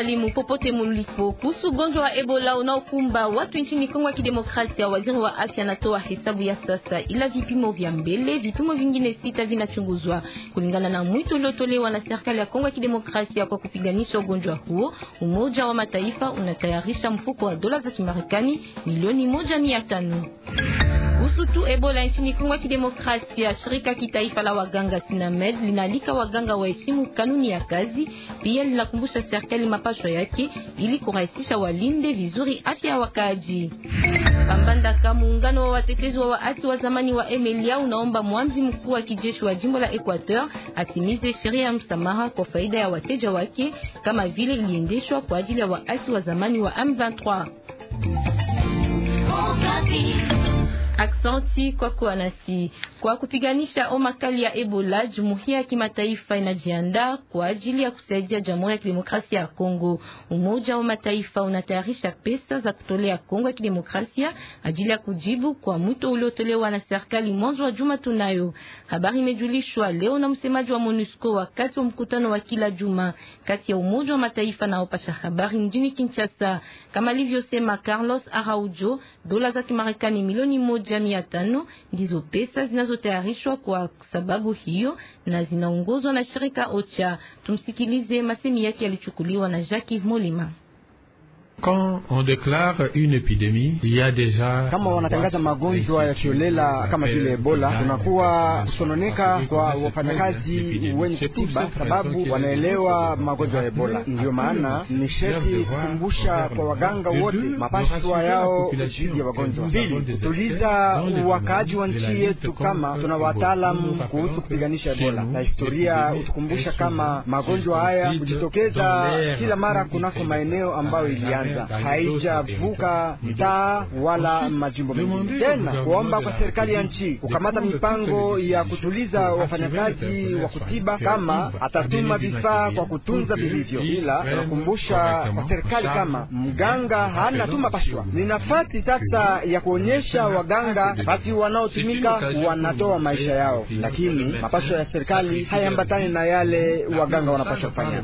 wasalimu popote mulipo. Kuhusu ugonjwa wa Ebola unaokumba watu nchini Kongo ya Kidemokrasia, waziri wa afya anatoa hesabu ya sasa, ila vipimo vya mbele, vipimo vingine sita vinachunguzwa kulingana na mwito uliotolewa na serikali ya Kongo ya Kidemokrasia kwa kupiganisha ugonjwa huo. Umoja wa Mataifa unatayarisha mfuko wa dola za Kimarekani milioni moja mia tano. Kuhusu tu Ebola nchini Kongo ya Kidemokrasia, shirika kitaifa la waganga SINAMED linalika waganga waheshimu kanuni ya kazi, pia linakumbusha serikali mapashwa yake ili kurahisisha walinde vizuri afya ya wakaaji. Kambandaka, muungano wa watetezi wa waasi wa zamani wa Emilia unaomba mwamzi mkuu wa kijeshi wa jimbo la Equateur atimize sheria ya msamaha kwa faida ya wateja wake kama vile iliendeshwa kwa ajili ya waasi wa zamani wa M23. Aksanti kwa kuwa nasi. Kwa kupiganisha kali ya Ebola, jumuiya ya kimataifa inajiandaa kwa ajili ya kusaidia Jamhuri ya Kidemokrasia ya Kongo. Umoja wa Mataifa unatayarisha pesa za kutolea Kongo ya Kidemokrasia ajili ya kujibu kwa mwito uliotolewa na serikali mwanzo wa juma. Tunayo habari imejulishwa leo na msemaji wa MONUSCO wakati wa mkutano wa kila juma kati ya Umoja wa Mataifa na wapasha habari mjini Kinshasa, kama alivyosema Carlos Araujo, dola za Kimarekani milioni moja moja mia tano ndizo pesa zinazotayarishwa kwa sababu hiyo na zinaongozwa na shirika OCHA. Tumsikilize masemi yake yalichukuliwa na Jackie Molima. Quand on déclare une epidemie, il y a deja kama wanatangaza magonjwa ya kiolela kama vile Ebola, tunakuwa kusononeka kwa wafanyakazi wenye kutiba, sababu wanaelewa magonjwa ya Ebola. Ndiyo maana ni sharti kukumbusha kwa waganga wote mapaswa yao dhidi ya wagonjwa. Mbili, kutuliza wakaaji wa nchi yetu kama tuna wataalamu kuhusu kupiganisha Ebola, na historia utukumbusha kama magonjwa haya kujitokeza kila mara kunako maeneo ambayo ilianza haijavuka mtaa wala majimbo mengine. Tena kuomba kwa serikali ya nchi kukamata mipango ya kutuliza wafanyakazi wa kutiba, kama atatuma vifaa kwa kutunza vilivyo, ila nakumbusha kwa serikali kama mganga hana tuma pashwa. Ni nafasi sasa ya kuonyesha waganga basi wanaotumika wanatoa maisha yao, lakini mapashwa ya serikali hayaambatani na yale waganga wanapashwa kufanya.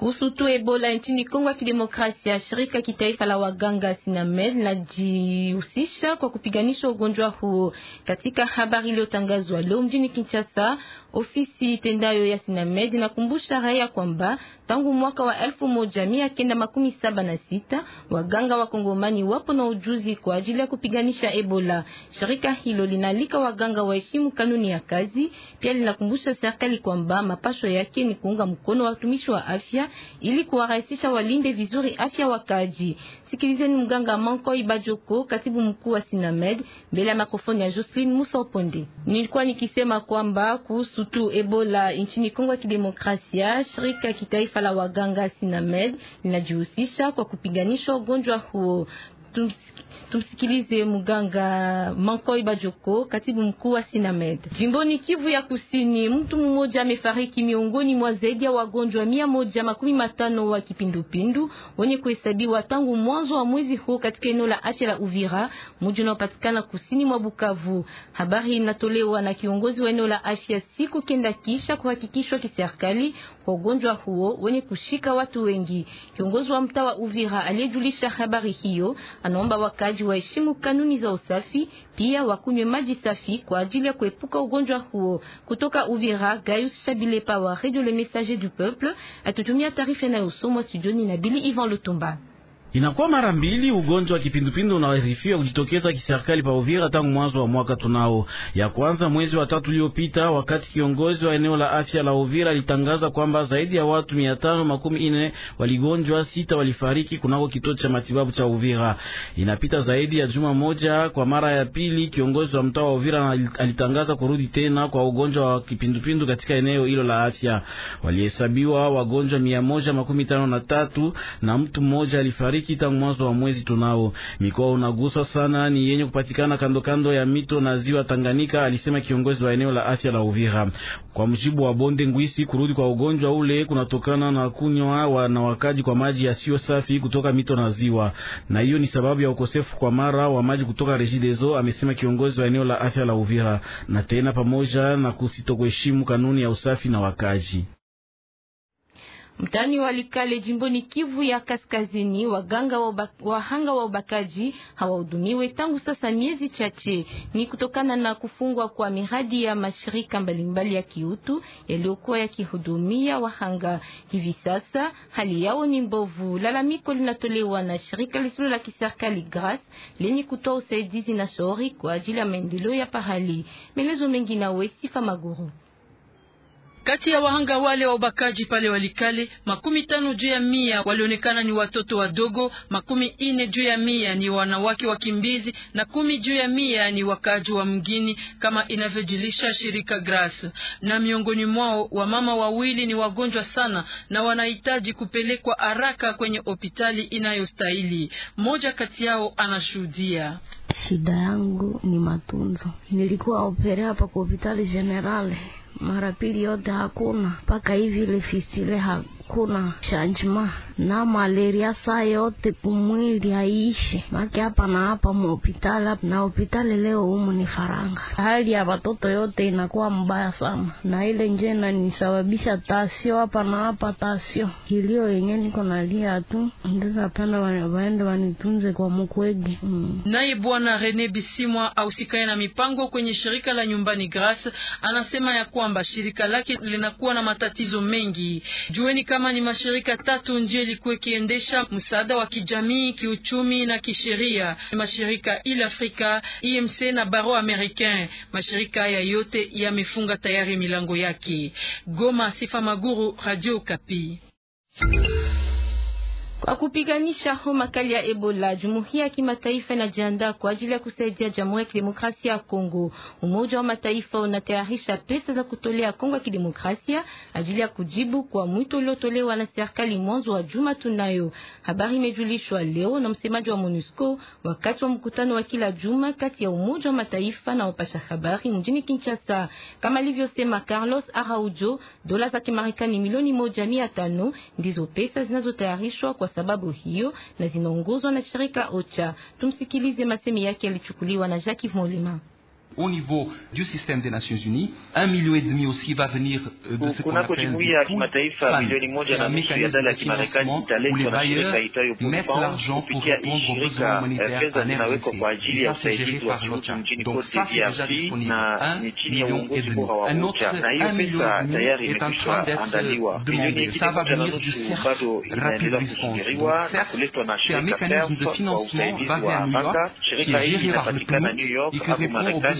Kuhusu tu Ebola nchini Kongo ya Kidemokrasia, shirika kitaifa la waganga Sinamel linajihusisha kwa kupiganisha ugonjwa huo. Katika habari iliyotangazwa leo mjini Kinshasa, ofisi itendayo ya Sinamed inakumbusha raia kwamba Tangu mwaka wa elfu moja mia kenda makumi saba na sita waganga wa Kongomani wapo na ujuzi kwa ajili ya kupiganisha Ebola. Shirika hilo linalika waganga waheshimu kanuni ya kazi, pia linakumbusha serikali kwamba mapasho yake ni kuunga mkono watumishi wa afya ili kuwarahisisha walinde vizuri afya wakaji. Sikilizeni mganga Manko Ibajoko, katibu mkuu wa Sinamed, mbele ya makrofoni ya Jocelyn Musa Ponde. Nilikuwa nikisema kwamba kuhusu tu Ebola nchini Kongo ya Kidemokrasia, shirika ya kitaifa la waganga Sinamed linajihusisha kwa kupiganisha ugonjwa huo. Tumsikilize mganga Mankoi Bajoko, katibu mkuu wa Sinamed jimboni Kivu ya Kusini. Mtu mmoja amefariki miongoni mwa zaidi ya wagonjwa mia moja makumi matano wa kipindupindu wenye kuhesabiwa tangu mwanzo wa mwezi huu katika eneo la afya la Uvira, mji unaopatikana kusini mwa Bukavu. Habari inatolewa na kiongozi wa eneo la afya siku kenda kisha kuhakikishwa kiserikali kwa ugonjwa huo wenye kushika watu wengi. Kiongozi wa mtaa wa Uvira aliyejulisha habari hiyo Anaomba wakaji waheshimu kanuni za usafi, pia wakunywe maji safi kwa ajili ya kuepuka ugonjwa huo. Kutoka Uvira, Gaius shabilepa wa Radio Le Messager du Peuple, atutumia taarifa inayosomwa studioni na Bili Ivan Lutumba. Inakuwa mara mbili ugonjwa wa kipindupindu unaharifiwa kujitokeza kiserikali pa Uvira tangu mwanzo wa mwaka tunao. Ya kwanza mwezi wa tatu uliopita, wakati kiongozi wa eneo la afya la Uvira alitangaza kwamba zaidi ya watu mia tano makumi nne waligonjwa, sita walifariki kunako kituo cha matibabu cha Uvira. Inapita zaidi ya juma moja, kwa mara ya pili kiongozi wa mtaa wa Uvira alitangaza kurudi tena kwa ugonjwa wa kipindupindu katika eneo hilo la afya. Walihesabiwa wagonjwa mia moja makumi tano na tatu na mtu mmoja alifariki mashariki tangu mwanzo wa mwezi tunao. Mikoa unaguswa sana ni yenye kupatikana kando kando ya mito na ziwa Tanganyika, alisema kiongozi wa eneo la afya la Uvira. Kwa mjibu wa bonde Ngwisi, kurudi kwa ugonjwa ule kunatokana na kunywa na wakaji kwa maji yasiyo safi kutoka mito na ziwa, na hiyo ni sababu ya ukosefu kwa mara wa maji kutoka Regideso, amesema kiongozi wa eneo la afya la Uvira, na tena pamoja na kusitokuheshimu kanuni ya usafi na wakaji mtani Walikale jimboni Kivu ya Kaskazini. Waganga wahanga wa ubakaji hawahudumiwe tangu sasa miezi chache, ni kutokana na kufungwa kwa miradi ya mashirika mbalimbali ya kiutu yaliyokuwa yakihudumia wahanga. Hivi sasa hali yao ni mbovu. Lalamiko linatolewa na shirika lisilo la kiserikali Gras lenye kutoa usaidizi na shauri kwa ajili ya maendeleo ya pahali. Melezo mengi na Wesifa Maguru. Kati ya wahanga wale wa ubakaji pale Walikale, makumi tano juu ya mia walionekana ni watoto wadogo, makumi ine juu ya mia ni wanawake wakimbizi na kumi juu ya mia ni wakaaji wa mgini, kama inavyojulisha shirika Gras. Na miongoni mwao wamama wawili ni wagonjwa sana na wanahitaji kupelekwa haraka kwenye hospitali inayostahili. Mmoja kati yao anashuhudia Shida yangu ni matunzo. Nilikuwa opere hapa kwa hospitali generale mara pili yote hakuna mpaka hivi ile fistile ha hakuna chanjima na malaria saa yote kumwili haiishi make hapa na hapa muhopitali na hopitali leo humu ni faranga. Hali ya watoto yote inakuwa mbaya sana, na ile nje inanisababisha tasio hapa na hapa tasio, kilio yenye niko nalia tu, ndikapenda waende wanitunze kwa mukwege mm. Naye bwana Rene Bisimwa ausikaye na mipango kwenye shirika la nyumbani Grace anasema ya kwamba shirika lake linakuwa na matatizo mengi. Jueni kama kama ni mashirika tatu ndiyo ilikuwa ikiendesha msaada wa kijamii, kiuchumi na kisheria: mashirika Il Africa, IMC na Baro Americain. Mashirika haya yote yamefunga tayari milango yake. Goma, Sifa Maguru, Radio Kapi. Kwa kupiganisha homa kali ya Ebola, jumuiya ya kimataifa inajiandaa kwa ajili ya kusaidia Jamhuri ya Kidemokrasia ya Kongo. Umoja wa Mataifa unatayarisha pesa za kutolea Kongo ya Kidemokrasia ajili ya kujibu kwa mwito uliotolewa na serikali mwanzo wa juma. Tunayo habari imejulishwa leo na msemaji wa MONUSCO wakati wa mkutano wa kila juma kati ya Umoja wa Mataifa na wapasha habari mjini Kinshasa, kama alivyosema Carlos Araujo, dola za Kimarekani milioni moja mia tano ndizo pesa zinazotayarishwa kwa sababu hiyo na zinaongozwa na shirika OCHA. Tumsikilize masemi yake yalichukuliwa na Jacques molima au niveau du système des Nations Unies. Un million et demi aussi va venir euh, de ce qu'on appelle C'est un mécanisme de financement où les bailleurs mettent l'argent pour répondre aux besoins humanitaires en RDC. Et ça, c'est géré par Donc ça, c'est déjà disponible. Un million et demi. Un autre un million et demi est en train d'être demandé. Ça va venir du CERF Rapid Response. Donc CERF, c'est un mécanisme de financement basé à New York qui est géré par le PNUD et qui répond aux besoins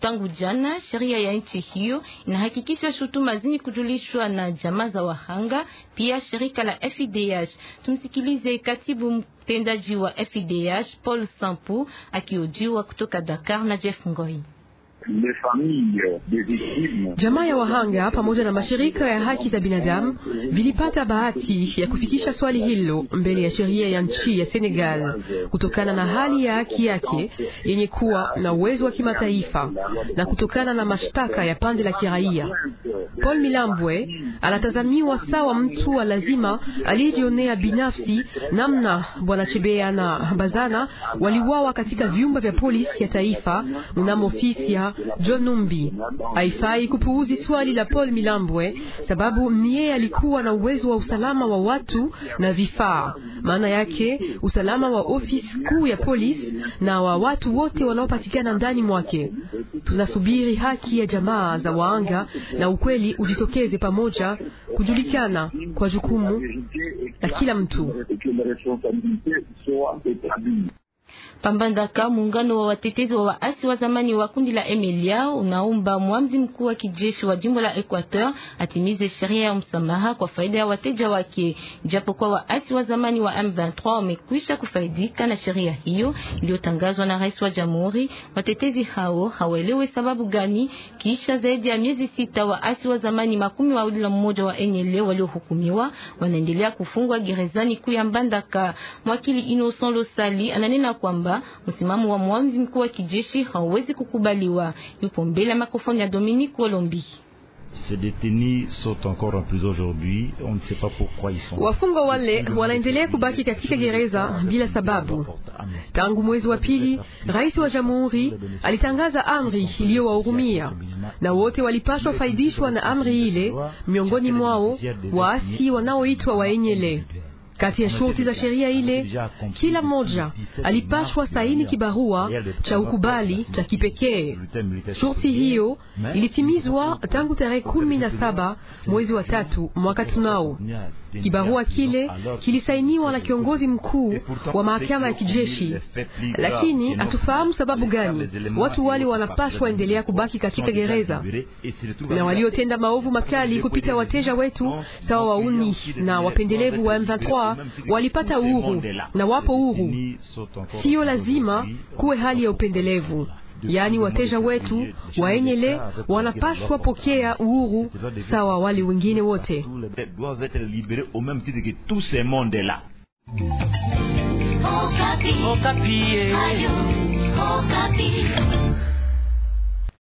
Tangu jana sheria ya nchi hiyo inahakikisha shutuma zini kujulishwa na jamaa za wahanga, pia shirika la FIDH. Tumsikilize katibu mtendaji wa FIDH Paul Sampu akiojiwa kutoka Dakar na Jeff Ngoi. Jamaa ya wahanga pamoja na mashirika ya haki za binadamu vilipata bahati ya kufikisha swali hilo mbele ya sheria ya nchi ya Senegal kutokana na hali ya haki yake yenye kuwa na uwezo wa kimataifa na kutokana na mashtaka ya pande la kiraia. Paul Milambwe anatazamiwa sawa mtu wa lazima aliyejionea binafsi namna bwana Chebea na Bazana waliuawa katika vyumba vya polisi ya taifa mnamo ofisi ya John Numbi. Haifai kupuuzi swali la Paul Milambwe, sababu niye alikuwa na uwezo wa usalama wa watu na vifaa, maana yake usalama wa ofisi kuu ya polisi na wa watu wote wanaopatikana ndani mwake. Tunasubiri haki ya jamaa za waanga na ukweli ujitokeze pamoja kujulikana kwa jukumu la kila mtu. Pambandaka, muungano wa watetezi wa waasi wa zamani wa kundi la Emilia unaomba mwamzi mkuu wa kijeshi wa jimbo la Equateur atimize sheria ya msamaha kwa faida ya wateja wake, japo kwa waasi wa zamani wa M23 wamekwisha kufaidika na sheria hiyo iliyotangazwa na rais wa jamhuri. Watetezi hao hawaelewe sababu gani kisha zaidi ya miezi sita waasi wa zamani makumi mawili na mmoja wa Enyele waliohukumiwa wanaendelea kufungwa gerezani kuu ya Mbandaka. Mwakili Innocent Losali ananena kwamba kwamba msimamo wa mwanzi mkuu wa kijeshi hauwezi kukubaliwa. Yupo mbele ya mikrofoni ya Dominique Olombi. Wafungwa wale wanaendelea kubaki katika gereza bila sababu. Tangu mwezi wa pili, rais wa jamhuri alitangaza amri iliyowahurumia na wote walipaswa faidishwa na amri ile, miongoni mwao waasi wanaoitwa waenyele. Kati ya shurti za sheria ile, kila mmoja alipashwa saini kibarua cha ukubali cha kipekee. Shurti hiyo ilitimizwa tangu tarehe kumi na saba mwezi wa tatu mwaka tunao Kibarua kile kilisainiwa na kiongozi mkuu wa mahakama ya kijeshi, lakini hatufahamu sababu gani watu wale wanapaswa endelea kubaki katika gereza, na waliotenda maovu makali kupita wateja wetu sawa wauni na wapendelevu wa M23 walipata uhuru na wapo uhuru. Siyo lazima kuwe hali ya upendelevu yaani wateja wetu waenyele wanapashwa pokea uhuru sawa wale wengine wote. Okapi. Oh, Okapi. Oh,